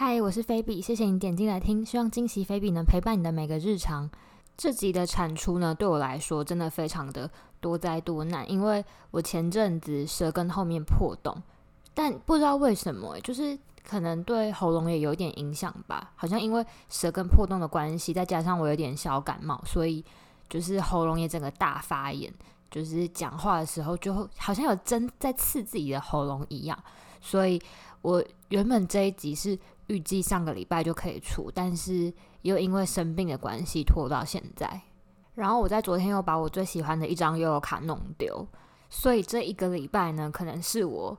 嗨，Hi, 我是菲比，謝謝你點進來聽，希望今昔菲比能陪伴你的每個日常。這集的產出呢，對我來說真的非常的多災多難，因為我前陣子舌根後面破洞，但不知道為什麼，就是可能對喉嚨也有點影響吧，好像因為舌根破洞的關係，再加上我有點小感冒，所以就是喉嚨也整個大發炎。就是講話的時候，就好像有針在刺自己的喉嚨一樣。所以我原本這一集是預計上個禮拜就可以出，但是又因為生病的關係拖到現在。然後我在昨天又把我最喜歡的一張悠遊卡弄丟，所以這一個禮拜呢，可能是我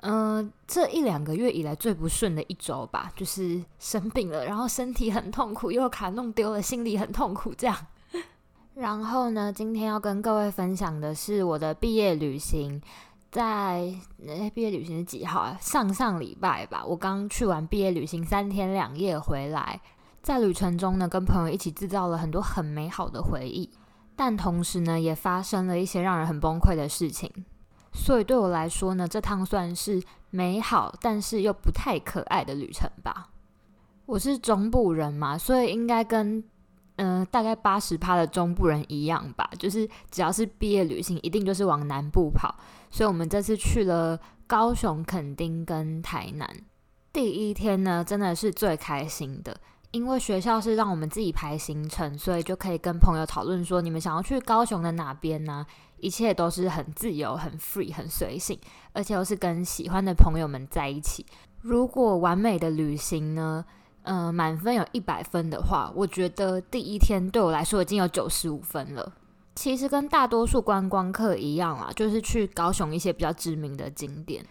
嗯、呃、這一兩個月以來最不順的一周吧。就是生病了，然後身體很痛苦，悠遊卡弄丟了，心裡很痛苦，這樣。然後呢，今天要跟各位分享的是我的畢業旅行在。在、欸、畢業旅行是幾號啊？上上禮拜吧，我剛去完畢業旅行三天兩夜回來，在旅程中呢，跟朋友一起製造了很多很美好的回憶，但同時呢，也發生了一些讓人很崩潰的事情。所以對我來說呢，這趟算是美好但是又不太可愛的旅程吧。我是中部人嘛，所以應該跟。嗯、呃，大概八十趴的中部人一樣吧，就是只要是畢業旅行，一定就是往南部跑。所以我們這次去了高雄、墾丁跟台南。第一天呢，真的是最開心的，因為學校是讓我們自己排行程，所以就可以跟朋友討論說，你們想要去高雄的哪邊呢、啊？一切都是很自由、很 free、很隨性，而且又是跟喜歡的朋友們在一起。如果完美的旅行呢？嗯，滿分有一百分的話，我覺得第一天對我來說已經有九十五分了。其實跟大多數觀光客一樣啊，就是去高雄一些比較知名的景點。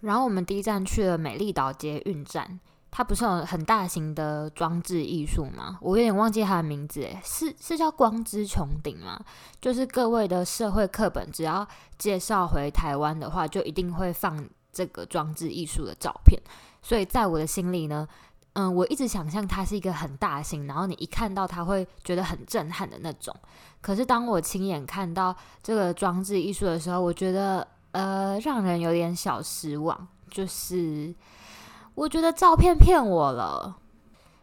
然後我們第一站去了美麗島捷運站，它不是有很大型的裝置藝術嗎？我有點忘記它的名字、欸，是是叫光之穹頂嗎？就是各位的社會課本只要介紹回台灣的話，就一定會放這個裝置藝術的照片。所以在我的心裡呢。嗯，我一直想象它是一個很大型，然後你一看到它會覺得很震撼的那種。可是當我親眼看到這個裝置藝術的時候，我覺得呃，讓人有點小失望。就是我覺得照片騙我了。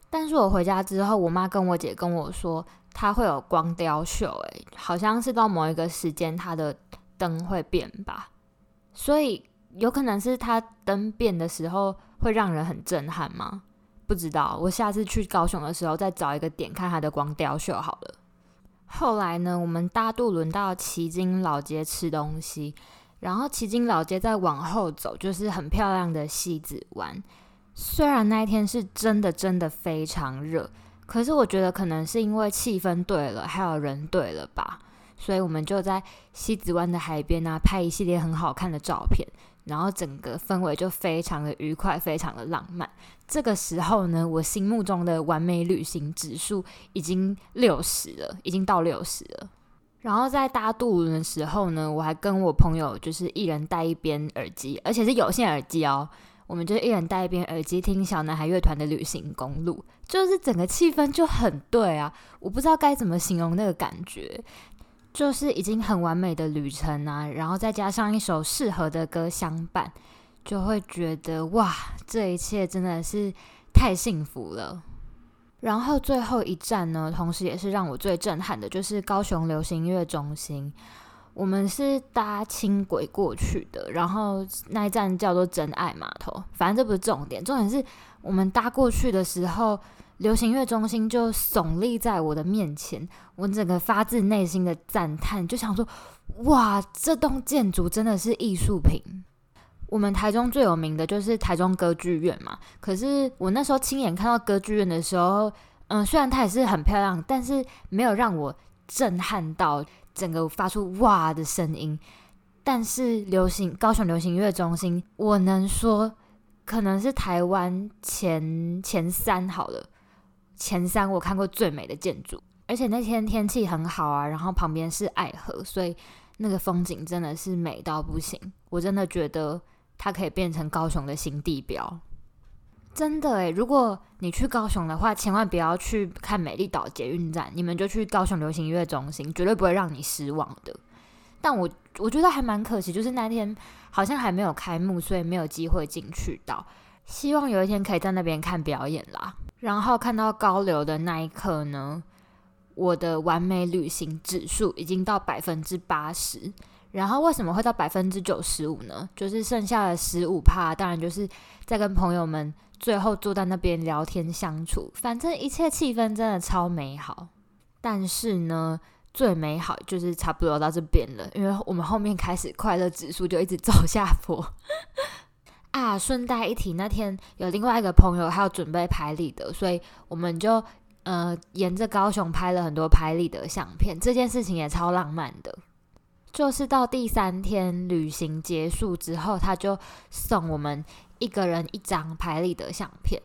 但是我回家之後，我媽跟我姐跟我說，它會有光雕秀，欸，誒，好像是到某一個時間它的燈會變吧。所以有可能是它燈變的時候會讓人很震撼嗎？不知道，我下次去高雄的時候再找一個點看它的光雕秀好了。後來呢，我們大渡輪到旗津老街吃東西，然後旗津老街再往後走就是很漂亮的西子灣。雖然那一天是真的真的非常熱，可是我覺得可能是因為氣氛對了，還有人對了吧，所以我們就在西子灣的海邊啊拍一系列很好看的照片。然後整個氛圍就非常的愉快，非常的浪漫。這個時候呢，我心目中的完美旅行指數已經六十了，已經到六十了。然後在搭渡輪的時候呢，我還跟我朋友就是一人戴一邊耳機，而且是有線耳機哦。我們就一人戴一邊耳機聽小男孩樂團的《旅行公路》，就是整個氣氛就很對啊。我不知道該怎麼形容那個感覺。就是已經很完美的旅程啊，然後再加上一首適合的歌相伴，就會覺得哇，這一切真的是太幸福了。然後最後一站呢，同時也是讓我最震撼的，就是高雄流行音樂中心。我們是搭輕軌過去的，然後那一站叫做真愛碼頭，反正這不是重點，重點是我們搭過去的時候。流行樂中心就聳立在我的面前，我整個發自內心的讚嘆，就想說：哇，這棟建築真的是藝術品！我們台中最有名的就是台中歌劇院嘛。可是我那時候親眼看到歌劇院的時候，嗯，雖然它也是很漂亮，但是沒有讓我震撼到整個發出哇的聲音。但是流行，高雄流行樂中心，我能說可能是台灣前前三好了，前三我看過最美的建築，而且那天天氣很好啊，然後旁邊是愛河，所以那個風景真的是美到不行。我真的覺得它可以變成高雄的新地標，真的誒、欸，如果你去高雄的話，千萬不要去看美麗島捷運站，你們就去高雄流行音樂中心，絕對不會讓你失望的。但我我覺得還蠻可惜，就是那天好像還沒有開幕，所以沒有機會進去到。希望有一天可以在那邊看表演啦。然後看到高流的那一刻呢，我的完美旅行指數已經到百分之八十。然後為什麼會到百分之九十五呢？就是剩下的十五趴，當然就是在跟朋友們最後坐在那邊聊天相處。反正一切氣氛真的超美好。但是呢，最美好就是差不多到這邊了，因為我們後面開始快樂指數就一直走下坡。啊，順帶一提，那天有另外一個朋友，他要準備拍立得，所以我們就呃沿着高雄拍了很多拍立得相片。這件事情也超浪漫的，就是到第三天旅行結束之後，他就送我們一個人一張拍立得相片。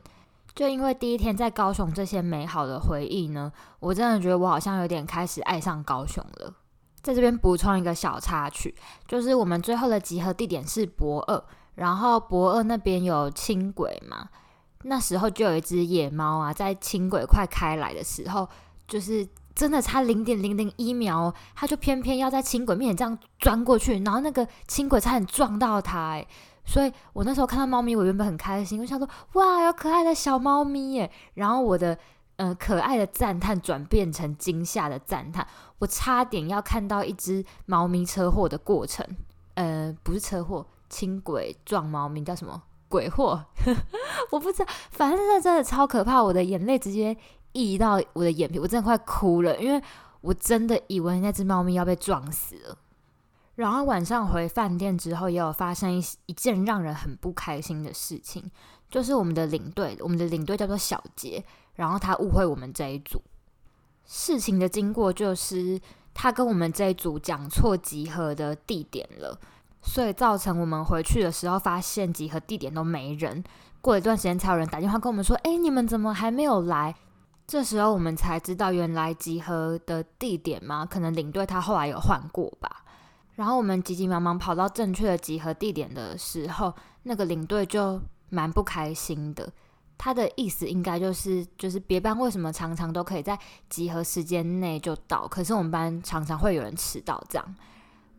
就因為第一天在高雄這些美好的回憶呢，我真的覺得我好像有點開始愛上高雄了。在這邊補充一個小插曲，就是我們最後的集合地點是駁二。然後駁二那邊有輕軌嘛？那時候就有一隻野貓啊，在輕軌快開來的時候，就是真的差零點零零一秒哦，它就偏偏要在輕軌面前這樣鑽過去，然後那個輕軌差點撞到它欸。所以我那時候看到貓咪，我原本很開心，我想說哇，有可愛的小貓咪耶。然後我的呃可愛的讚嘆轉變成驚嚇的讚嘆，我差點要看到一隻貓咪車禍的過程。呃，不是車禍。輕軌撞貓咪叫什麼鬼貨？ 我不知道，反正這真的超可怕，我的眼淚直接溢到我的眼皮，我真的快哭了，因為我真的以為那只貓咪要被撞死了。然後晚上回飯店之後，也有發生一一件讓人很不開心的事情，就是我們的領隊，我們的領隊叫做小杰，然後他誤會我們這一組。事情的經過就是，他跟我們這一組講錯集合的地點了。所以造成我們回去的時候，發現集合地點都沒人。過一段時間，才有人打電話跟我們說：“哎，你們怎麼還沒有來？”這時候我們才知道，原來集合的地點嘛，可能領隊他後來有換過吧。然後我們急急忙忙跑到正確的集合地點的時候，那個領隊就蠻不開心的。他的意思應該就是，就是別班為什麼常常都可以在集合時間內就到，可是我們班常常會有人遲到這樣。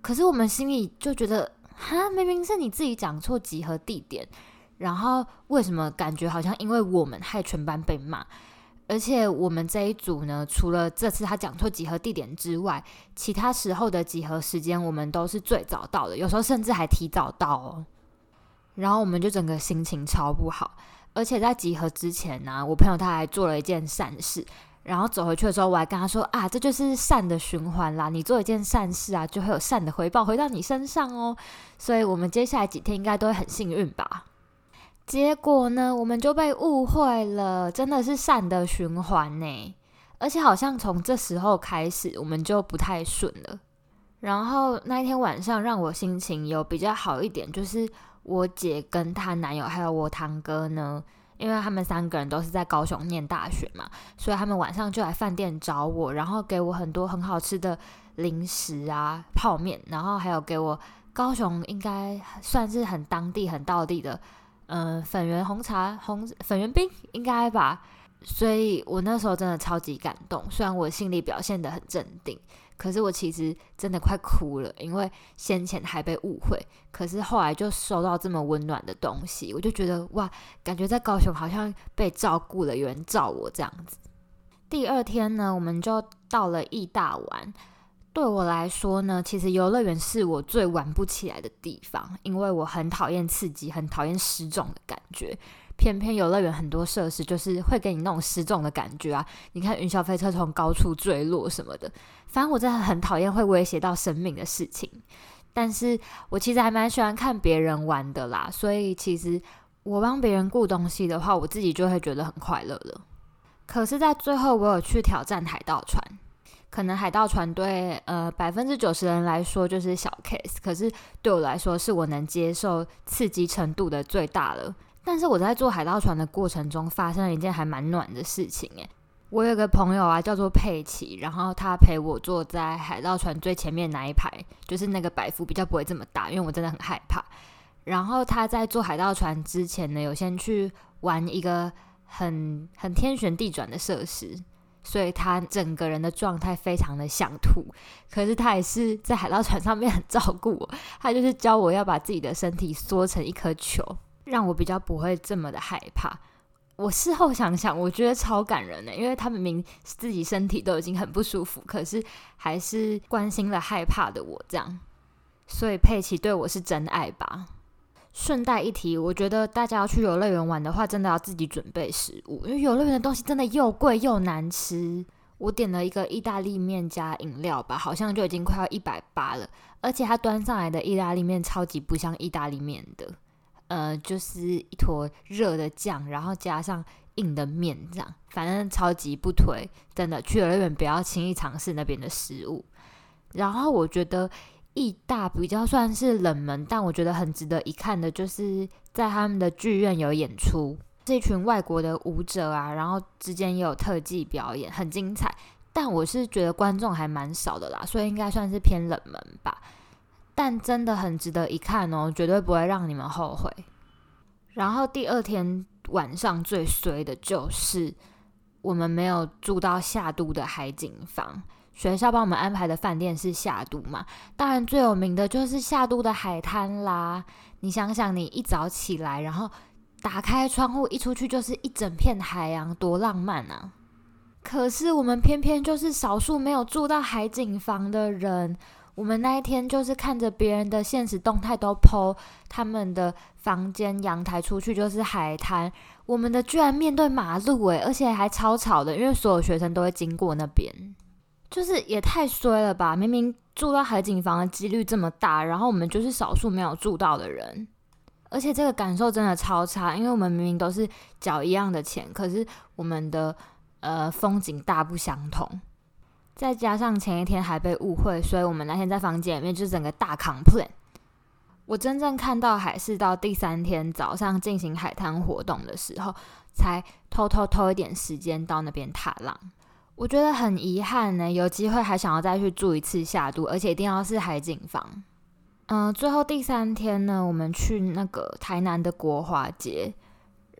可是我們心裡就覺得，哈，明明是你自己講錯集合地點，然後為什麼感覺好像因為我們害全班被罵？而且我們這一組呢，除了這次他講錯集合地點之外，其他時候的集合時間我們都是最早到的，有時候甚至還提早到哦。然後我們就整個心情超不好，而且在集合之前呢，啊，我朋友他還做了一件善事。然後走回去的時候，我還跟他說啊，這就是善的循環啦，你做一件善事啊，就會有善的回報回到你身上哦。所以我們接下來幾天應該都會很幸運吧？結果呢，我們就被誤會了，真的是善的循環呢。而且好像從這時候開始，我們就不太順了。然後那一天晚上，讓我心情有比較好一點，就是我姐跟她男友，還有我堂哥呢。因為他們三個人都是在高雄念大學嘛，所以他們晚上就來飯店找我，然後給我很多很好吃的零食啊、泡麵，然後還有給我高雄應該算是很當地很到地道地的，嗯、呃，粉圓紅茶、紅粉圓冰，應該吧。所以我那時候真的超級感動，雖然我心裡表現得很鎮定，可是我其實真的快哭了，因為先前還被誤會，可是後來就收到這麼溫暖的東西，我就覺得哇，感覺在高雄好像被照顧了，有人照我這樣子。第二天呢，我們就到了義大玩。對我來說呢，其實遊樂園是我最玩不起來的地方，因為我很討厭刺激，很討厭失重的感覺。偏偏遊樂園很多設施就是會給你那種失重的感覺啊！你看雲霄飛車從高處墜落什麼的，反正我真的很討厭會威脅到生命的事情。但是我其實還蠻喜歡看別人玩的啦，所以其實我幫別人顧東西的話，我自己就會覺得很快樂了。可是，在最後我有去挑戰海盜船，可能海盜船對呃百分之九十的人來說就是小 case，可是對我來說是我能接受刺激程度的最大了。但是我在坐海盜船的過程中，發生了一件還蠻暖的事情。誒，我有個朋友啊，叫做佩奇，然後他陪我坐在海盜船最前面那一排，就是那個擺幅比較不會這麼大，因為我真的很害怕。然後他在坐海盜船之前呢，有先去玩一個很很天旋地轉的設施，所以他整個人的狀態非常的想吐。可是他也是在海盜船上面很照顧我，他就是教我要把自己的身體縮成一顆球。讓我比較不會這麼的害怕。我事後想想，我覺得超感人呢，因為他明明自己身體都已經很不舒服，可是還是關心了害怕的我這樣。所以佩奇對我是真愛吧。順帶一提，我覺得大家要去遊樂園玩的話，真的要自己準備食物，因為遊樂園的東西真的又貴又難吃。我點了一個意大利麵加飲料吧，好像就已經快要一百八了，而且他端上來的意大利麵超級不像意大利麵的。呃，就是一坨熱的醬，然後加上硬的面，這樣反正超級不推。真的，去遊樂園不要輕易嘗試那邊的食物。然後我覺得義大比較算是冷門，但我覺得很值得一看的，就是在他們的劇院有演出，這群外國的舞者啊，然後之間也有特技表演，很精彩。但我是覺得觀眾還蠻少的啦，所以應該算是偏冷門吧。但真的很值得一看哦，絕對不會讓你們後悔。然後第二天晚上最衰的就是我們沒有住到夏都的海景房，學校幫我們安排的飯店是夏都嘛？當然最有名的就是夏都的海灘啦。你想想，你一早起來，然後打開窗戶一出去，就是一整片海洋，多浪漫啊！可是我們偏偏就是少數沒有住到海景房的人。我們那一天就是看着別人的限時動態，都 po 他們的房間陽台出去就是海灘，我們的居然面對馬路誒、欸，而且還超吵的，因為所有學生都會經過那邊，就是也太衰了吧！明明住到海景房的幾率這麼大，然後我們就是少數沒有住到的人，而且這個感受真的超差，因為我們明明都是繳一樣的錢，可是我們的呃風景大不相同。再加上前一天還被誤會，所以我們那天在房間裡面就整個大 complain。我真正看到海是到第三天早上進行海灘活動的時候，才偷偷偷一點時間到那邊踏浪。我覺得很遺憾呢，有機會還想要再去住一次夏都，而且一定要是海景房。嗯、呃，最後第三天呢，我們去那個台南的國華街，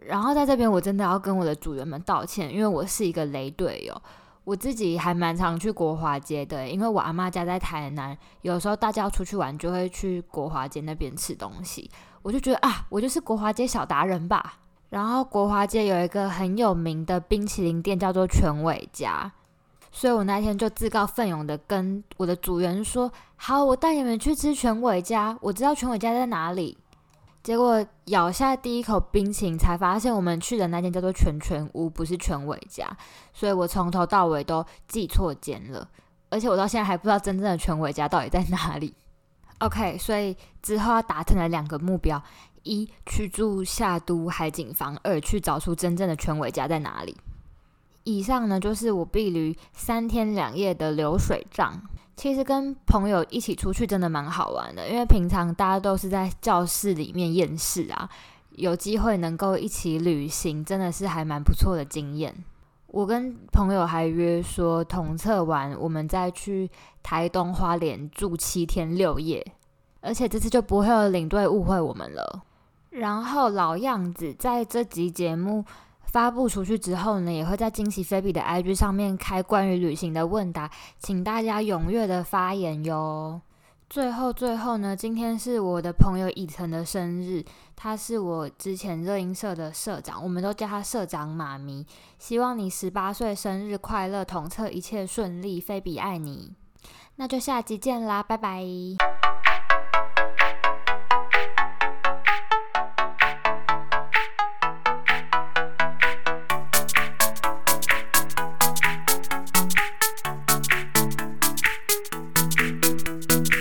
然後在這邊我真的要跟我的組員們道歉，因為我是一個雷隊友。我自己還蠻常去國華街的，因為我阿媽家在台南，有時候大家要出去玩就會去國華街那邊吃東西。我就覺得啊，我就是國華街小達人吧。然後國華街有一個很有名的冰淇淋店叫做蜷尾家，所以我那天就自告奮勇的跟我的組員說：“好，我帶你們去吃蜷尾家，我知道蜷尾家在哪裡。”結果咬下第一口冰淇淋，才發現我們去的那間叫做全全屋，不是全偉家，所以我從頭到尾都記錯間了。而且我到現在還不知道真正的全偉家到底在哪裡。OK，所以之後要達成的兩個目標：一去住下都海景房；二去找出真正的全偉家在哪裡。以上呢，就是我畢旅三天兩夜的流水賬。其實跟朋友一起出去真的蠻好玩的，因為平常大家都是在教室裡面厭世啊，有機會能夠一起旅行，真的是還蠻不錯的經驗。我跟朋友還約說，統測完，我們再去台東花蓮住七天六夜，而且這次就不會有領隊誤會我們了。然後老樣子，在這集節目。發布出去之後呢，也會在今昔菲比的 IG 上面開關於旅行的問答，請大家踴躍的發言喲。最後最後呢，今天是我的朋友以晨的生日，他是我之前熱音社的社長，我們都叫他社長媽咪。希望你十八歲生日快樂，統測一切順利，菲比愛你。那就下集見啦，拜拜。